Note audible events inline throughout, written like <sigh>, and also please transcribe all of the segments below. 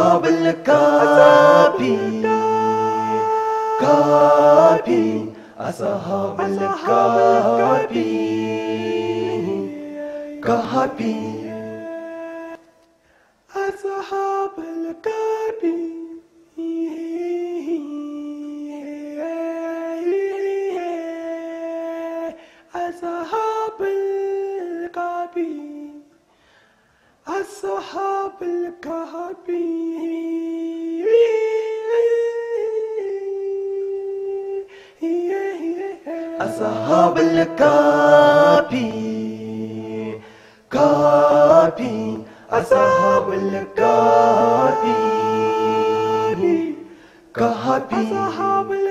بالكابي كابي أصحاب الكابي كابي أصحاب الكابي السحاب الكهربي أصحاب الكابي كابي أصحاب الكابي كابي أصحاب الكابي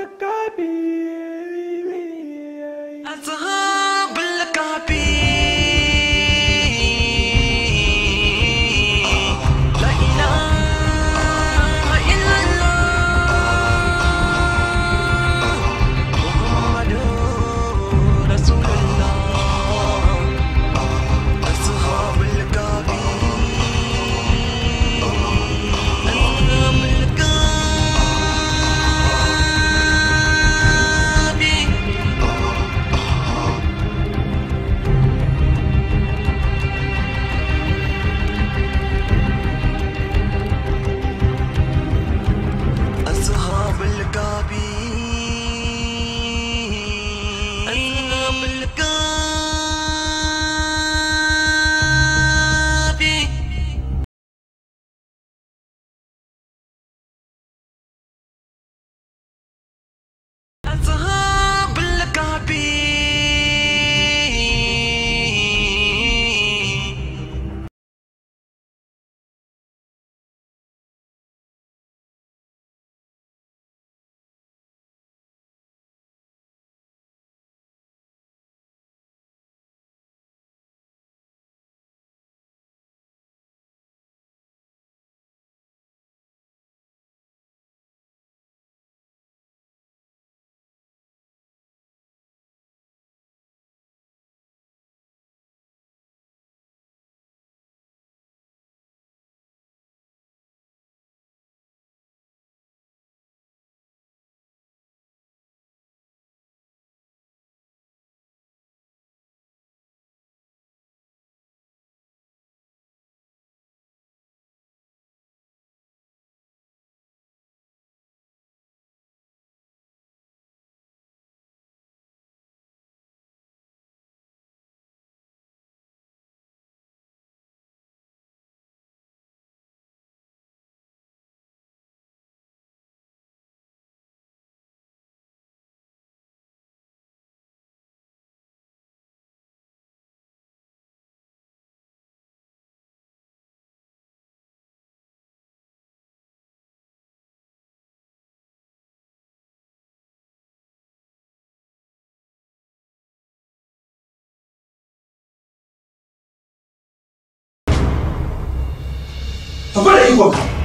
什么人？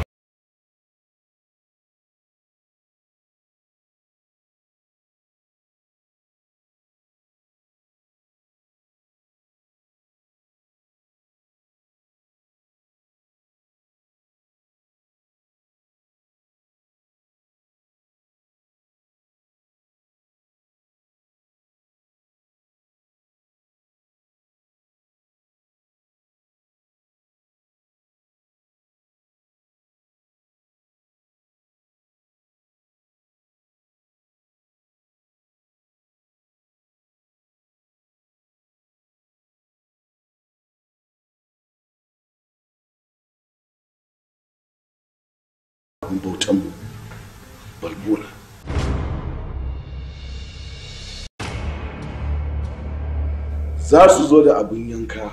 abin bautanmu balbula za su zo da abin yanka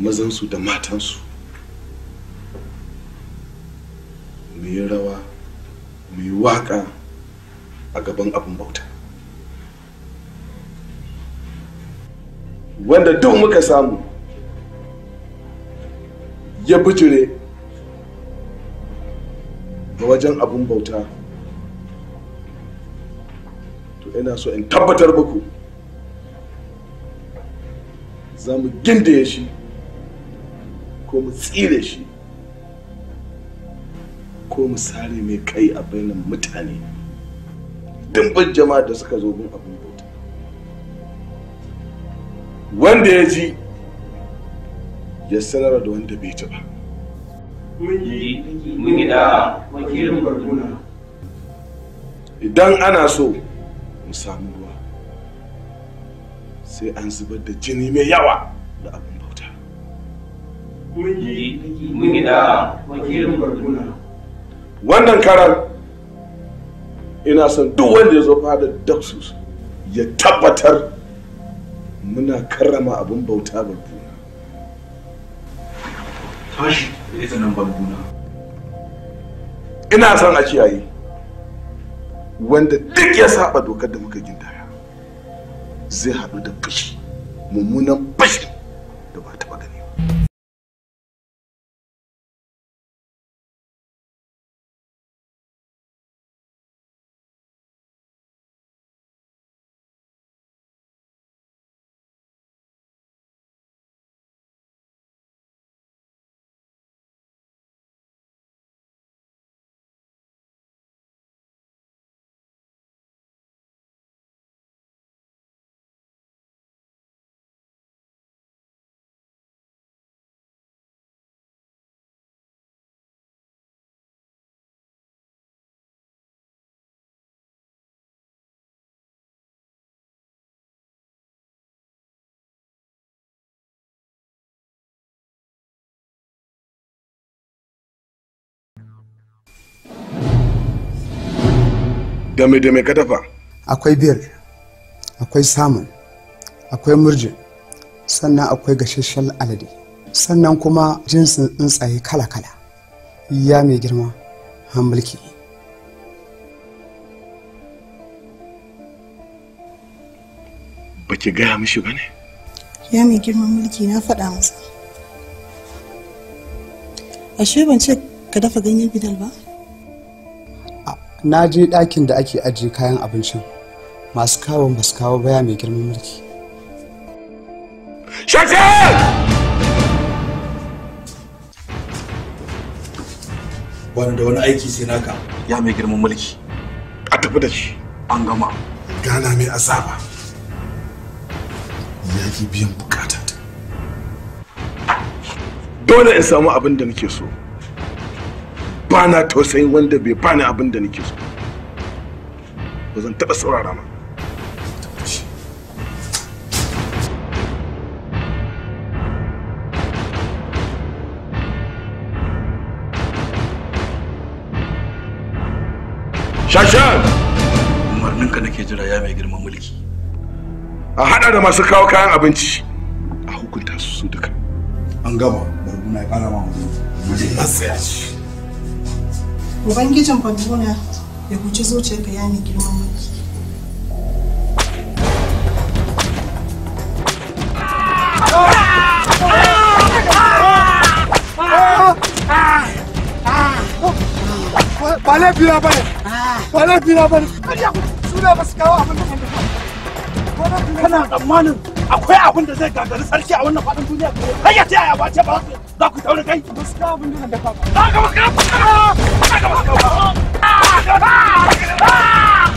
mazansu da matansu su rawa muyi waka waƙa a gaban abin bauta wanda duk muka samu ya bijire ga wajen abin bauta to ina so in tabbatar muku za mu gindaya shi ko mu tsire shi ko mu sare mai kai a bainan mutane dimbin jama'a da suka zo bin abin bauta wanda ya ji ya sanar da wanda bai ji ba idan ana so mu samu ruwa sai an zubar da jini mai yawa da abin bauta wannan karan ina son duk wanda ya zo fada da ya tabbatar muna karrama abin bauta barguna tashi ita nan balduna ina son a kiyaye wanda duk ya saba dokar da muka gindaya zai haɗu da fashi mummunan fashi da mai da mai katafa akwai biyar akwai samun akwai murji sannan akwai gasheshen alade sannan kuma jinsin tsuntsaye kala-kala ya mai girma han ba baki gaya mishi ba ne ya mai girman mulki na faɗa masa ashe ban ce ka dafa ganyen bidal ba na je ɗakin da ake ajiye kayan abincin masu kawo ba su kawo baya mai girman mulki wani da wani aiki sai naka ya mai girman mulki a tafi da shi an gama gana mai azaba ya ki biyan bukata dole in samu abin da nake so ba na tausayin wanda bai bani abin da nake so ba zan taɓa saurara ma Shashan! Umarninka nake jira ya mai girman mulki. A haɗa da masu kawo kayan abinci. A hukunta su su duka. An gama, barbuna ya kara ma mutum. Mace ya Ubangijin Faduna ya guji zuciyarka ya ne girman maki. Ba laifi na bane. Ba laifi na bane. Su ne basu kawo abin da kan Kana tsammanin akwai abin da zai gagari sarki a wannan faɗin duniya? Hayya ta yaya ba ce ba su za ku tauna kai gaskiya abin da da fafa za ka baka za ka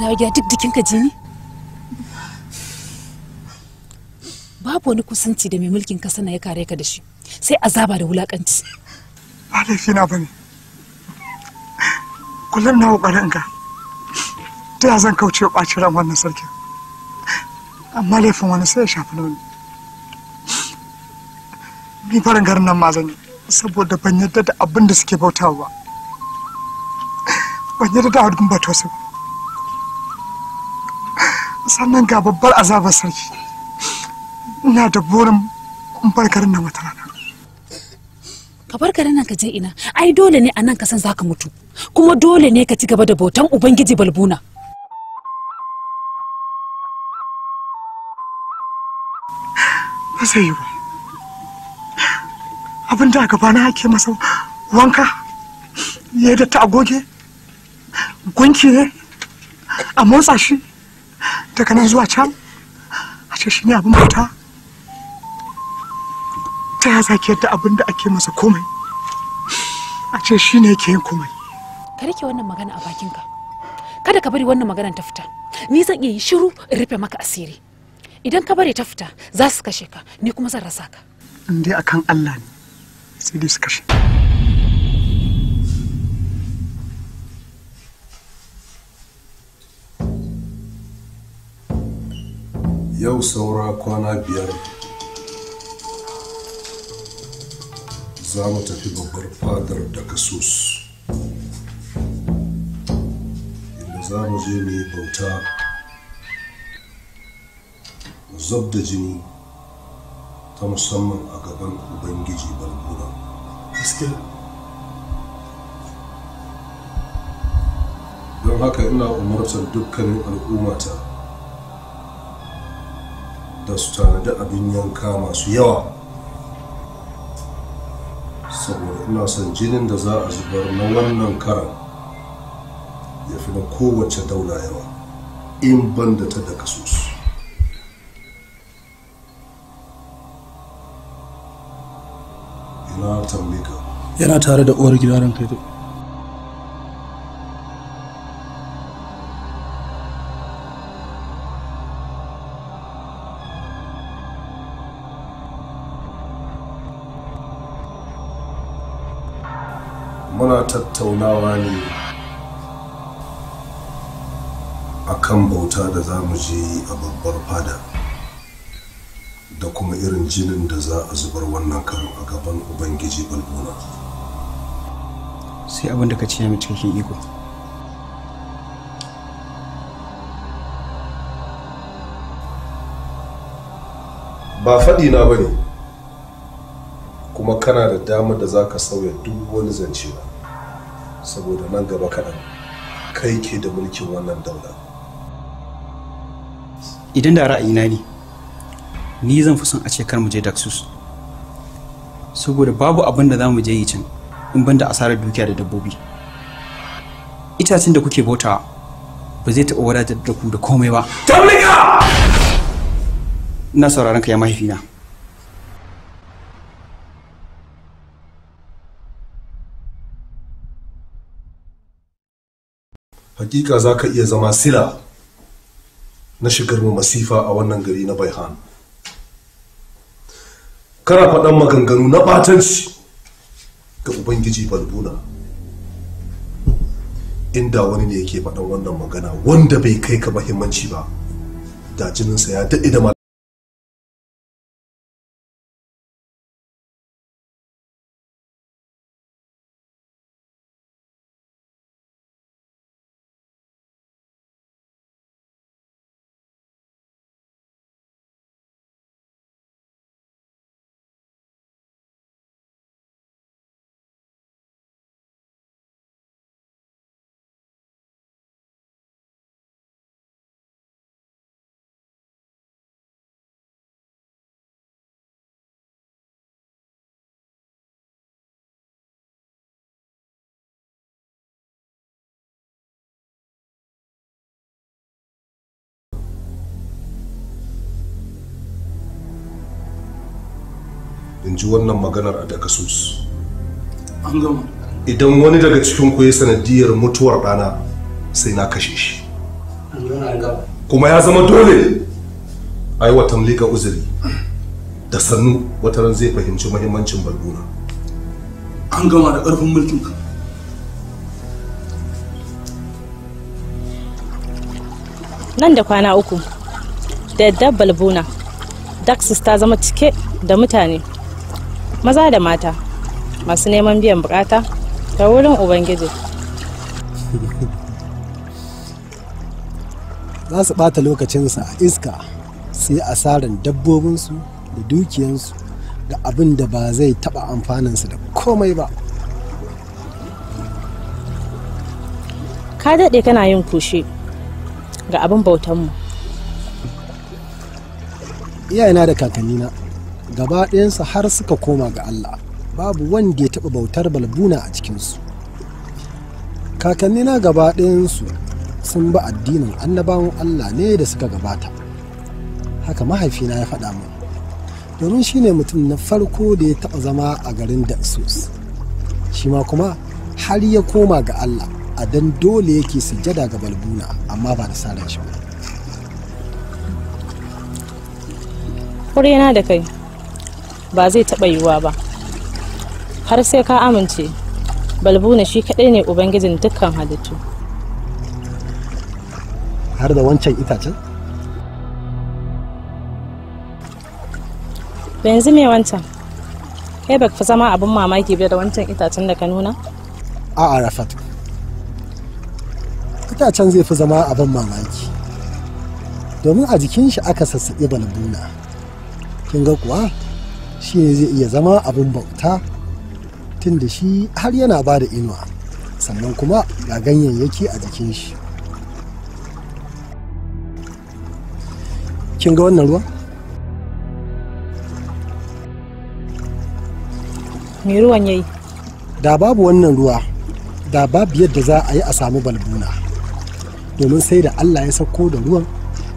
dawo gida duk jikin ka jini babu wani kusanci da mai mulkin kasa na ya kare ka da shi sai azaba da wulakanci ba laifi na bane kullum na kokarin ka ta ya zan kauce ɓacin ran wannan sarki amma laifin wani sai ya shafi nauyi ni farin garin nan ma zan yi saboda ban yarda da abin da suke bautawa ba ban yarda da abin ba ta su sannan ga babbar azabar sarki ina da burin bar nan wata rana ka nan ka je ina ai dole ne a nan ka san zaka mutu kuma dole ne ka ci gaba da botan ubangiji balbuna ba zai yi ba abin da gaba na ake masa wanka ya da ta agoge gunki ne a motsa shi daga nan zuwa can a ce shi ne abin bauta ta ya zaki yadda abin da ake masa komai a ce shi ne yake yin komai ka rike wannan magana a bakinka kada ka bari wannan maganar ta fita ni zan iya yi shiru in rufe maka asiri idan ka bari ta fita za su kashe ka ni kuma zan rasa ka in dai akan Allah ne sai dai su kashe yau saura kwana biyar za mu tafi babbar fadar da kasus inda za mu je mu bauta zab da jini ta musamman a gaban ubangiji balbura don haka ina umartar dukkanin al'ummata da su tanadi abin yanka masu yawa saboda ina son jinin da za a zubar na wannan karan ya fi na kowace daula yawa in ban da ta daga kasus yana tare da uwar gidaran kai Nawa ne a kan bauta da za mu je a babbar fada da kuma irin jinin da za a zubar wannan karin a gaban ubangiji balbuna sai abin ka ce mai cikin iko ba faɗi na ba ne kuma kana da damar da za ka sauya duk wani zancewa. saboda nan gaba kaɗan kai ke da mulkin wannan daula idan da ra'ayina ne ni zan fi son a ce kar mu je daxus saboda babu abin da za mu je yi can in banda asarar dukiya da dabbobi itacen da kuke bautawa ba zai taɓa wadatar da ku da komai ba ina sauraron ka ya mahaifina hakika za ka iya zama sila na shigar mu masifa a wannan gari na baihan kana faɗan maganganu na ɓatanci ga ubangiji balbuna inda wani ne yake faɗan wannan magana wanda bai kai ka mahimmanci ba da jininsa ya daɗe da in ji wannan maganar a daga sus an idan wani daga cikin ku ya sanadiyar mutuwar ɗana sai na kashe shi kuma ya zama dole ai watan liƙa uzuri da sannu ran zai fahimci mahimmancin balbuna an gama da ƙarfin mulkin ka nan da kwana uku da yadda balbuna daxis ta zama cike da mutane maza da mata masu neman biyan bukata ta wurin ubangiji za su ɓata lokacinsu a iska su yi asarar dabbobinsu da dukiyansu da abin da ba zai taba amfaninsu da komai ba ka daɗe kana yin kushe ga abin bautanmu iyayena da kakannina gaba ɗayansu har suka koma ga Allah babu wanda ya taɓa bautar balbuna a cikinsu kakanni na gaba ɗayansu sun bi addinin annabawan Allah ne da suka gabata haka mahaifina ya faɗa min domin shi ne mutum na farko da ya taɓa zama a garin da shi ma kuma har ya koma ga Allah a dan dole yake sujada ga balbuna amma ba da ran shi ba. yana da kai. ba zai taɓa yiwuwa ba har sai ka amince balbuna shi kaɗai ne ubangijin dukkan halittu har da wancan itacen? yanzu mai wancan kai ba fi zama abin mamaki bai da wancan itacen da ka nuna? a arafat itacen zai fi zama abin mamaki domin a jikin shi aka sassaɓe balbuna kin ga kuwa shi ne zai iya zama abin bauta tun da shi har yana ba da inuwa sannan kuma ga ganyayyaki a jikin shi kin ga wannan ruwa? mai ruwan yayi da babu wannan ruwa da babu yadda za a yi a samu balbuna domin sai da allah ya sauko da ruwan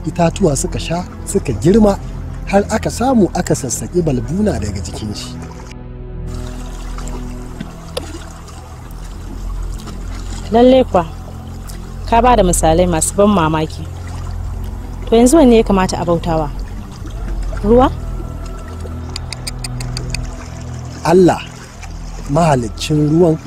itatuwa suka sha suka girma har aka samu aka sassaƙi balbuna daga jikin shi lalle kuwa, ka ba da misalai masu ban mamaki to yanzu wanne ya kamata a bautawa ruwa allah mahalicin ruwan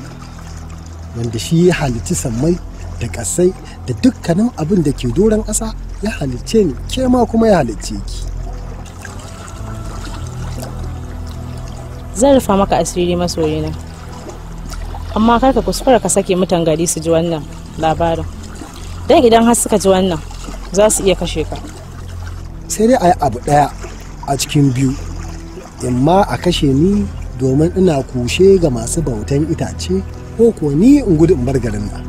wanda shi ya halitti sammai da ƙasai da dukkanin abin da ke doron ƙasa ya halicce ni ke ma kuma ya halicce ki zan rufa maka asiri masoyina amma kar ka kuskura ka sake mutan gari su ji wannan labarin dan idan har suka ji wannan za su iya kashe ka sai dai a yi abu ɗaya a cikin biyu amma a kashe ni domin ina kushe ga masu bautan itace ko kuwa ni in gudu in bar garin nan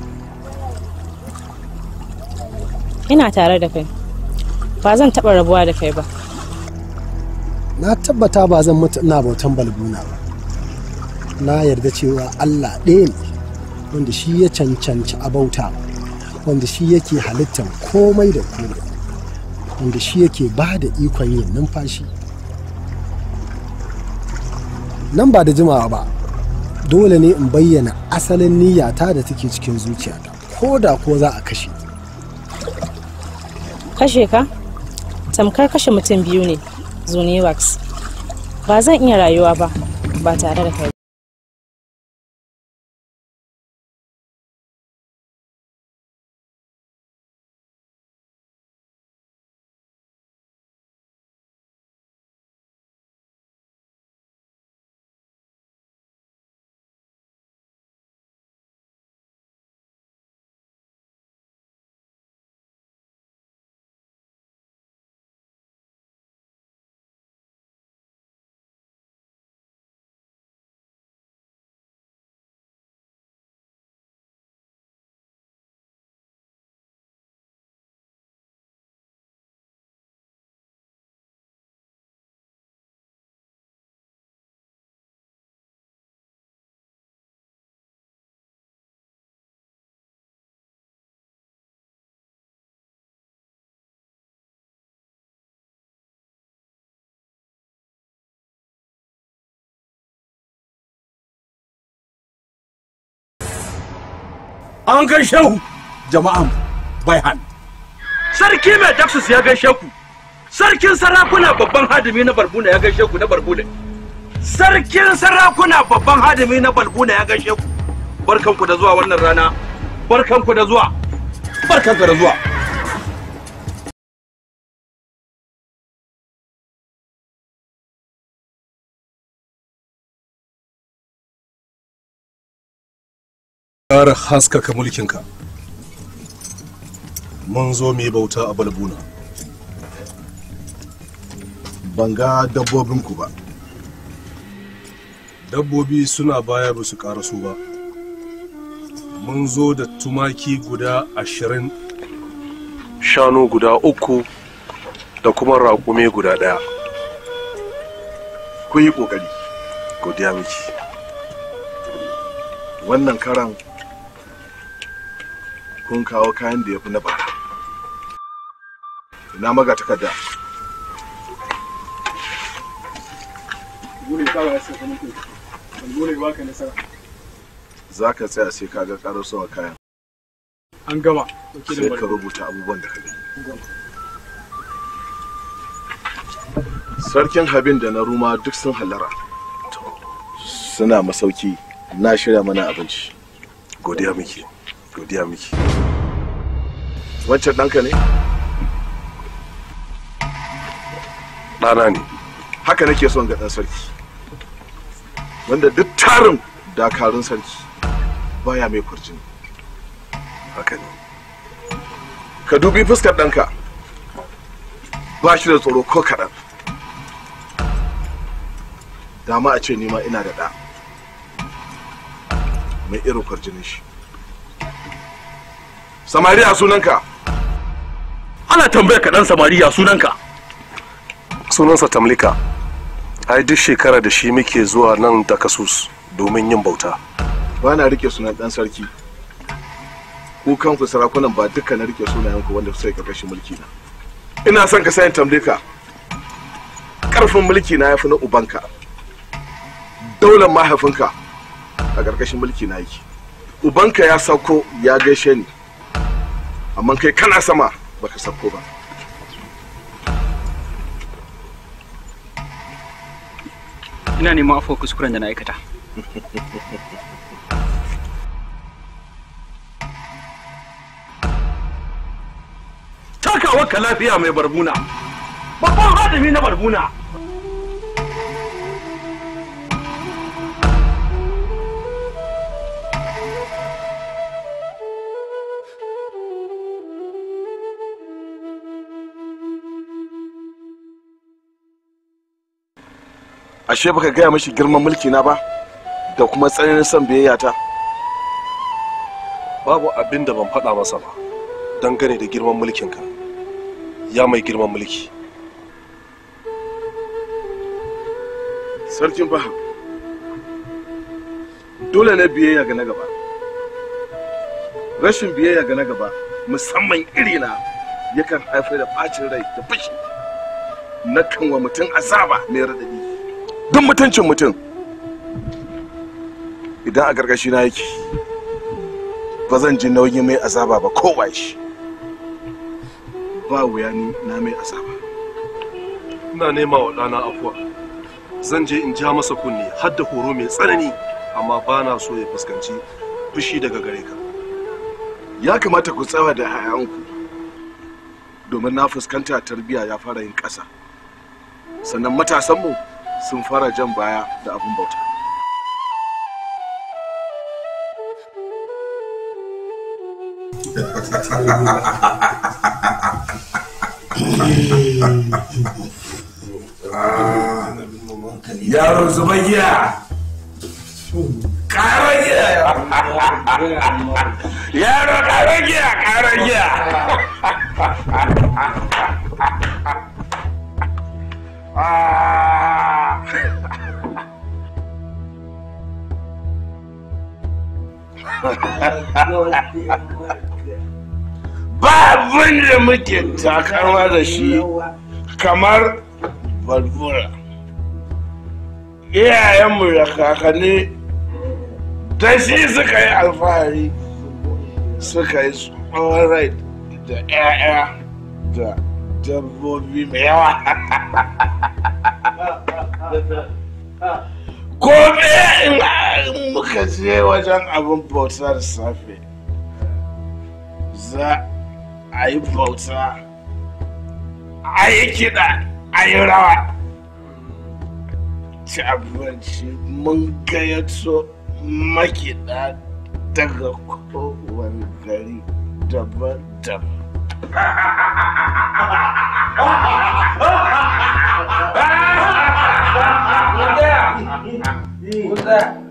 ina tare da kai ba zan taɓa rabuwa da kai ba na tabbata ba zan mutu ina bautan balbuna ba na yarda cewa allah ɗaya ne wanda shi ya cancanci a bauta wanda shi yake halittar komai da komai wanda shi yake ba da ikon yin numfashi nan ba da jimawa ba dole ne in bayyana asalin niyyata da take cikin zuciyata ko da ko za a kashe kashe ka tamkar kashe mutum biyu ne Zone Wax. Ba zan iya rayuwa ba ba tare da kai. an gaishe ku jama'an baihan sarki mai texas ya gaishe ku sarkin sarakuna babban hadimi na barbuna ya gaishe ku na barbuna sarkin sarakuna babban hadimi na balbuna ya gaishe ku barkanku da zuwa wannan rana barkanku da zuwa barkanku da zuwa ƙara haskaka ka mun zo mu yi bauta a balbuna ban ga dabbobinku ba dabbobi suna baya ba su su ba mun zo da tumaki guda ashirin shanu guda uku da kuma raƙume guda ɗaya Ku yi ƙoƙari godiya miki wannan karan kun kawo kayan da ya fi na bara ina maga takarda za ka tsaya sai ka ga karasowa kayan an gama sai ka rubuta abubuwan da ka gani sarkin habin da na ruma duk sun halara suna masauki na shirya mana abinci godiya miki godiya miki wancan ɗanka ne ɗana ne haka nake son ga ɗan sarki wanda duk tarin dakarun sarki baya mai kurjini haka ne ka dubi fuskar ɗanka ba shi da tsoro ko kaɗan dama a ce nima ina da ɗa mai irin kwarjinin shi samari a sunanka ana tambayar ka dan samariya sunanka sunansa tamlika ai duk shekara da shi muke zuwa nan da kasus domin yin bauta ba na rike sunan dan sarki ku kanku sarakunan ba duka na rike sunayenku wanda sai karkashin mulki na ina son ka sayin tamlika karfin mulki na yafi na ubanka daular mahaifinka a karkashin mulki na yake ubanka ya sauko ya gaishe ni amma kai kana sama baka sako ba ina neman afuwa kuskuren da na aikata takawa ka lafiya mai barbuna babban hadimi na barbuna ashe baka gaya mashi girman mulki na ba da kuma tsananin son biyayya ta babu abin da ban faɗa masa ba dangane da girman mulkinka ya mai girman mulki sarkin Baha, dole ne biyayya ga na gaba rashin biyayya ga na gaba musamman irina yakan haifar da bacin rai da fushi na kan wa mutum azaba mai radadi duk mutuncin mutum idan a gargashi na yake ba zan ji nauyin mai azaba ba kowa shi ba wuya ni na mai azaba ina nema wa ɗana afuwa zan je in ja masa kunne har da horo mai tsanani amma ba na so ya fuskanci fushi daga gare ka ya kamata ku tsawa da hayanku domin na fuskanta tarbiyya ya fara yin ƙasa sannan matasanmu sun fara jan baya da abin bauta yaro zuba giya ƙara giya yaro ƙara giya ƙara giya ah <laughs> ba abin da muke takama da shi kamar balbura iyayenmu da kakanni da shi suka yi alfahari suka yi tsohon rai da 'ya'ya da dabbobi mai yawa <laughs> ko me in muka je wajen abin bauta da safe za a yi bauta a yi kiɗa a yi rawa ci abinci mun gayyato makiɗa daga kowane gari daban-daban What's <laughs> that?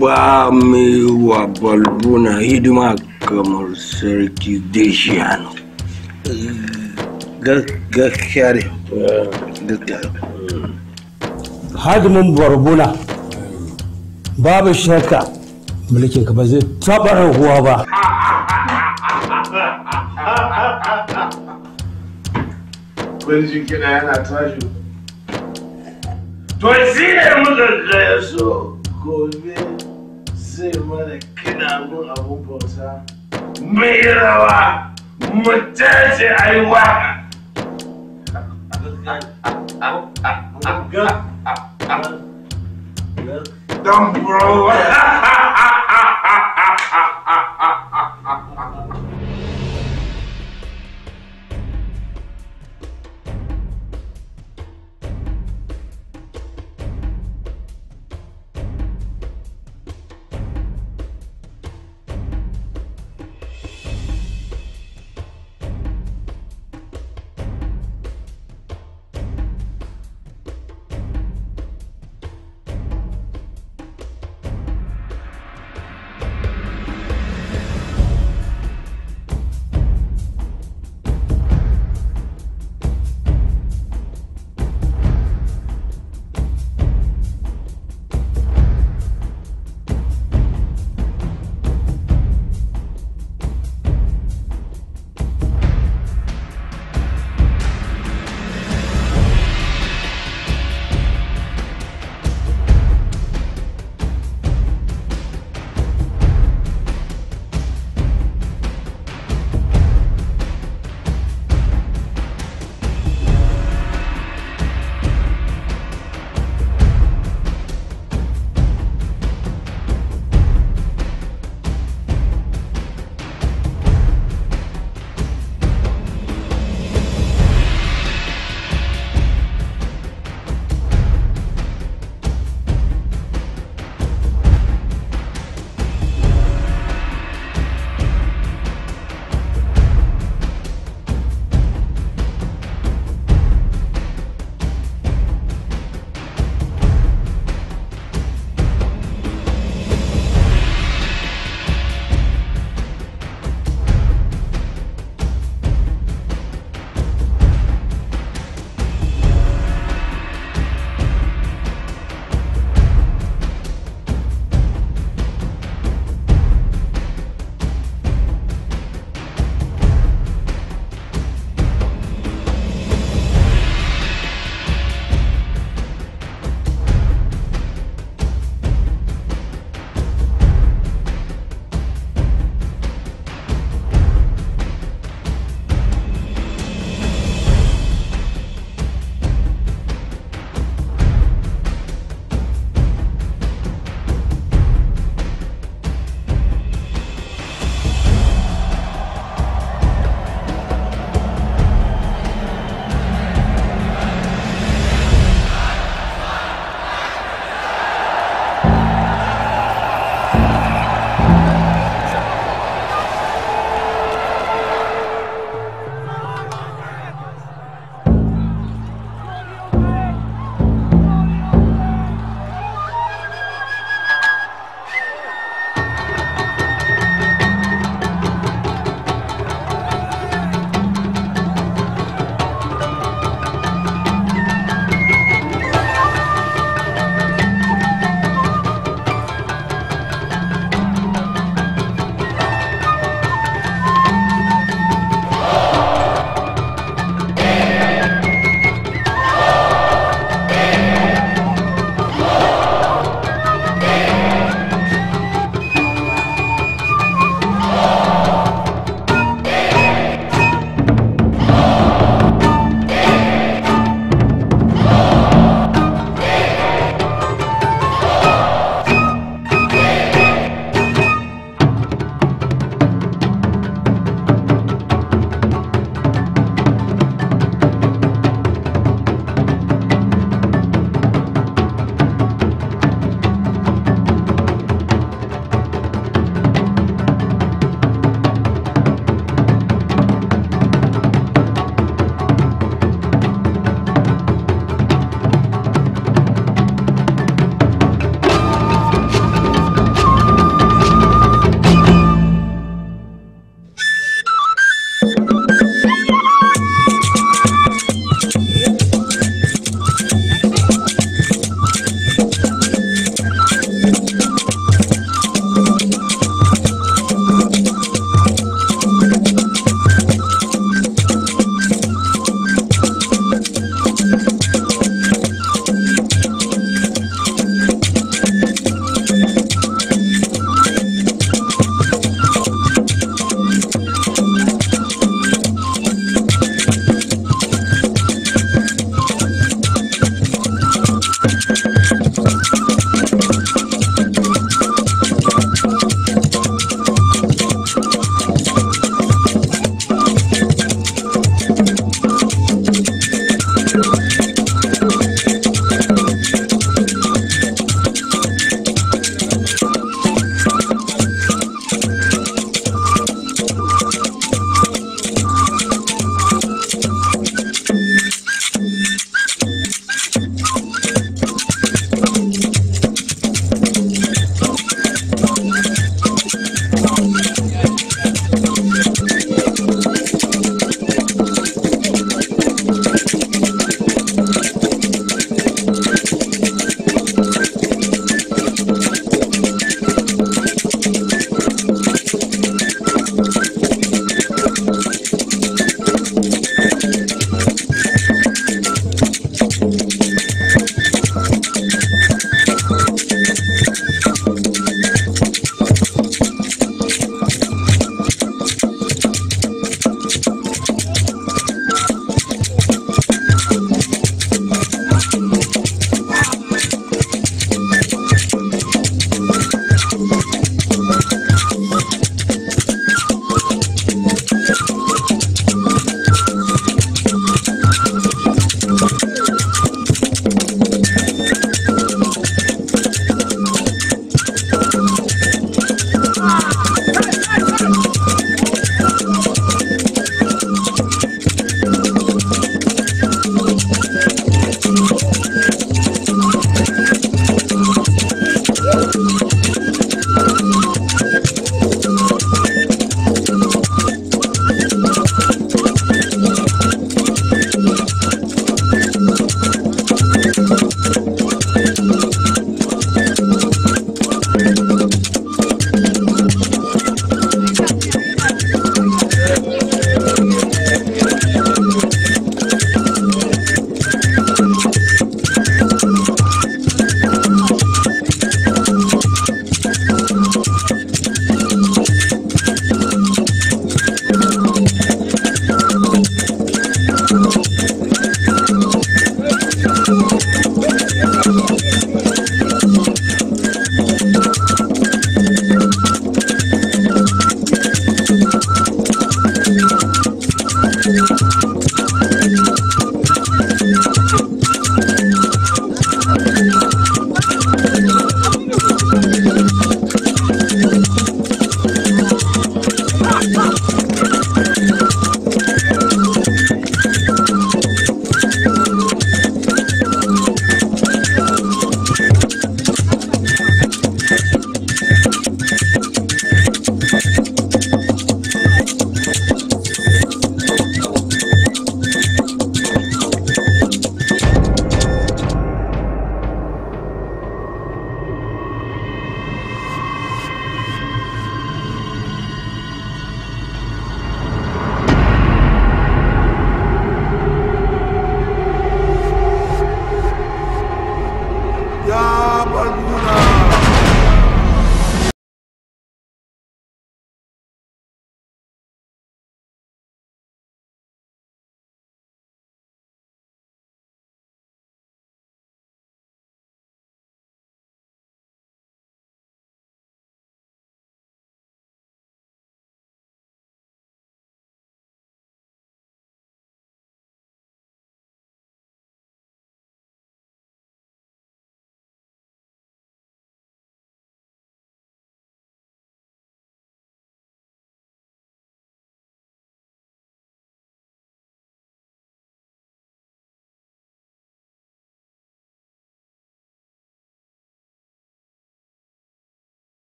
ba mai wa balbuna hidima kamar sarki deshiyano gaskiya ne hadimin barbuna babu shakka mulkin ka ba zai taɓa rahuwa ba kunjin kina yana tashi to shi ne muka so gobe zai mana kiɗa mun abun bauta mai rawa mu tace a yi bro.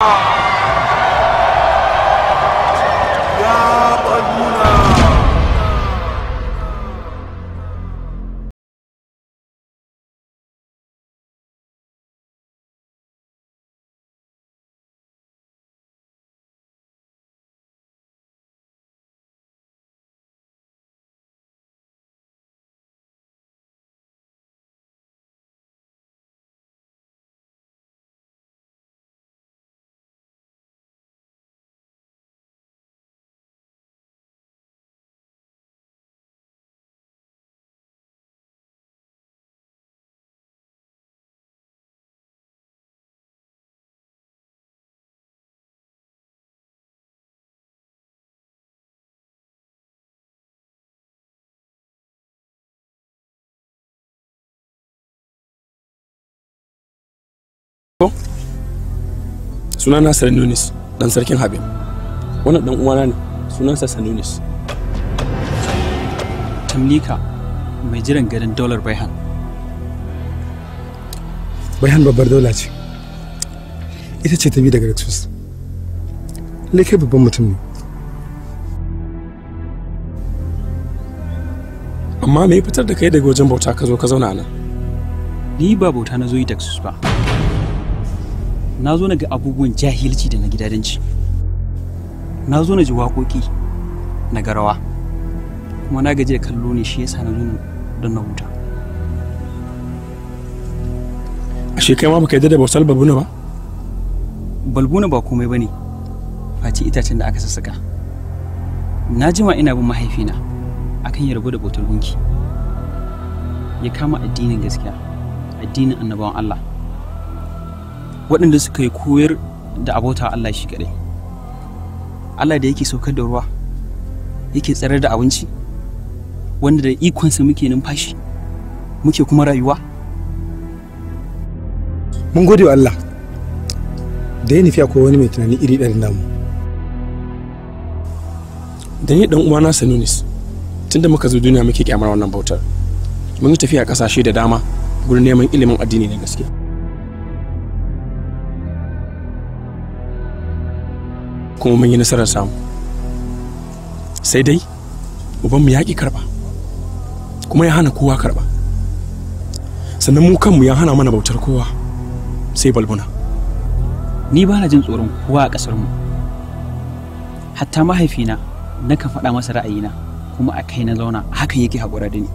야. Ko? Suna na Sanunis, dan sarkin Habib. Wannan dan uwana ne, sunansa Sanunis. Tamlika, mai jiran garin dolar Baihan. Baihan babbar dola ce. Ita ce ta bi daga Tus. Leke babban mutum ne. Amma me fitar da kai daga wajen bauta ka zo ka zauna nan? Ni ba bauta na zo yi Texas ba. na zo na ga abubuwan jahilci da na gidadanci na zo na ji waƙoƙi na garawa kuma na gaji da kallo ne shi yasa na zo don na huta a kai ma baka da bausal balbuna ba balbuna ba komai ba ne face itacen da aka sassaka na jima ina bin mahaifina akan ya rabu da bautar gunki ya kama addinin gaskiya addinin annabawan Allah waɗanda suka yi koyar da abota Allah shi kadai Allah da yake saukar da ruwa yake tsarar da abinci wanda da ikonsa muke numfashi muke kuma rayuwa mun gode wa Allah da ya nufi akwai wani mai tunani iri ɗari namu da ni ɗan uwana sanunis tunda muka zo duniya muke kyamar wannan bautar mun yi tafiya kasashe da dama gurin neman ilimin addini na gaske kuma mun yi nasarar samu sai dai ubanmu ya ƙi karɓa kuma ya hana kowa karɓa sannan mu kanmu ya hana mana bautar kowa sai balbuna ni ba na jin tsoron kowa a ƙasarmu hatta mahaifina nakan faɗa masa ra'ayina kuma a kai na zauna hakan yake haƙura da ni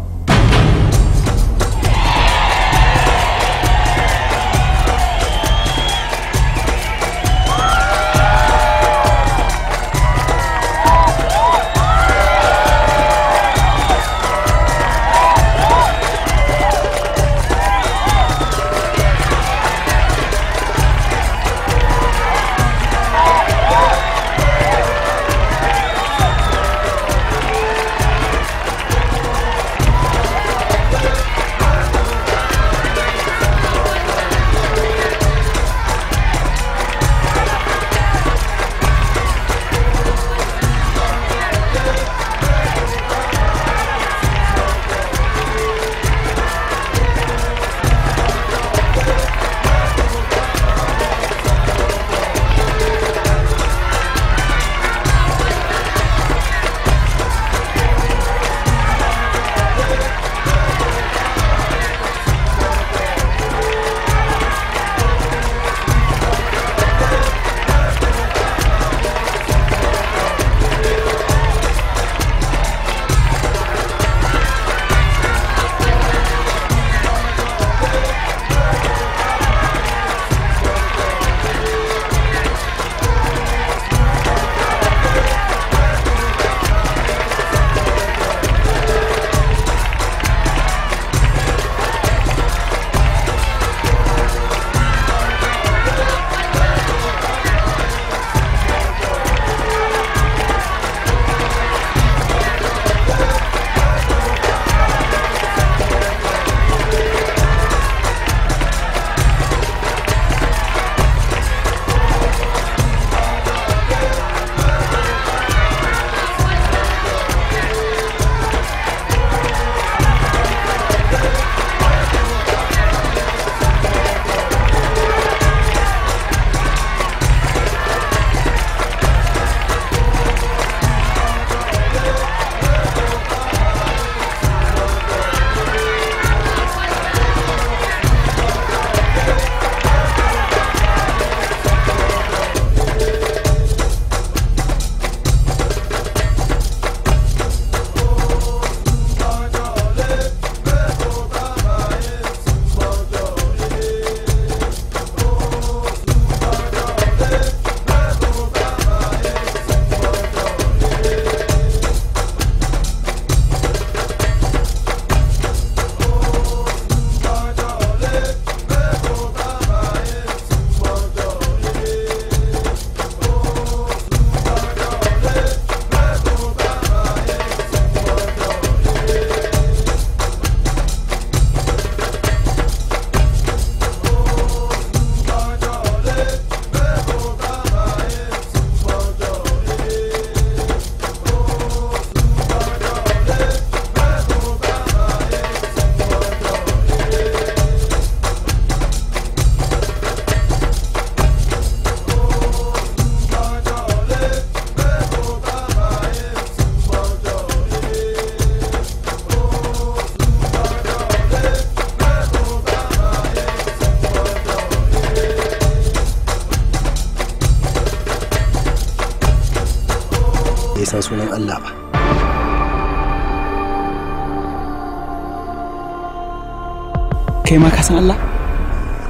kai ma ka Allah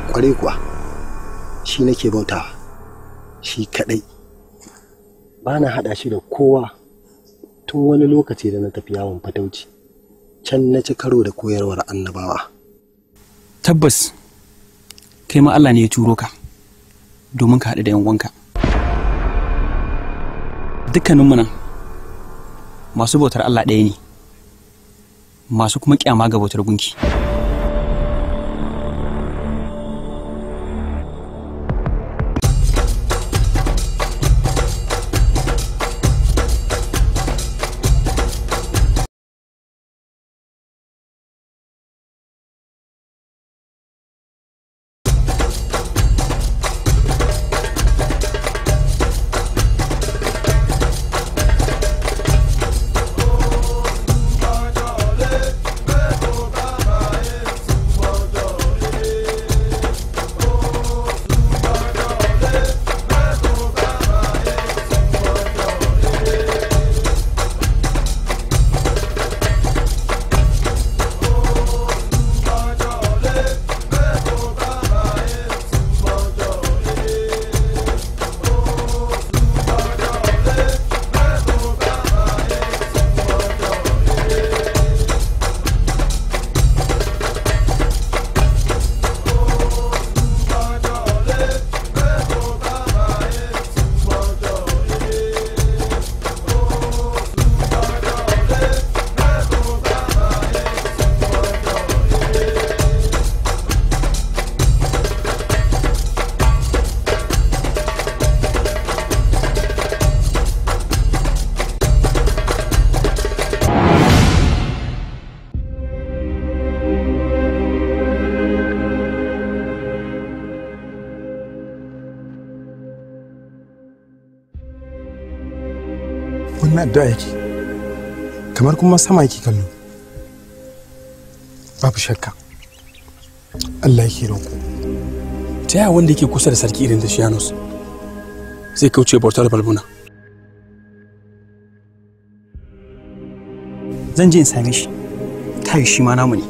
kware kuwa shi nake bauta shi kadai ba na haɗa shi da kowa tun wani lokaci da na tafi yawon fatauci can na ci karo da koyarwar annabawa tabbas kai ma Allah ne ya turo ka domin ka haɗu da 'yan wanka dukkanin nan masu bautar Allah ɗaya ne masu kuma ƙyama ga bautar gunki. da yake kamar kuma sama yake kallo babu shakka Allah yake roƙo ta yaya wanda yake kusa da sarki irin da Shianos zai kauce bautar balbuna zan je in same shi yi shi ma namu ne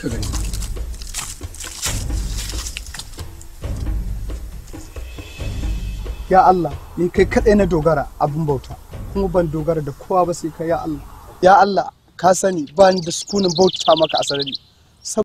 ka gani ya Allah ni kai kadai na dogara abin bauta kuma ban dogara da kowa ba sai ka ya Allah ya Allah ka sani ba ni da sukunin bauta maka a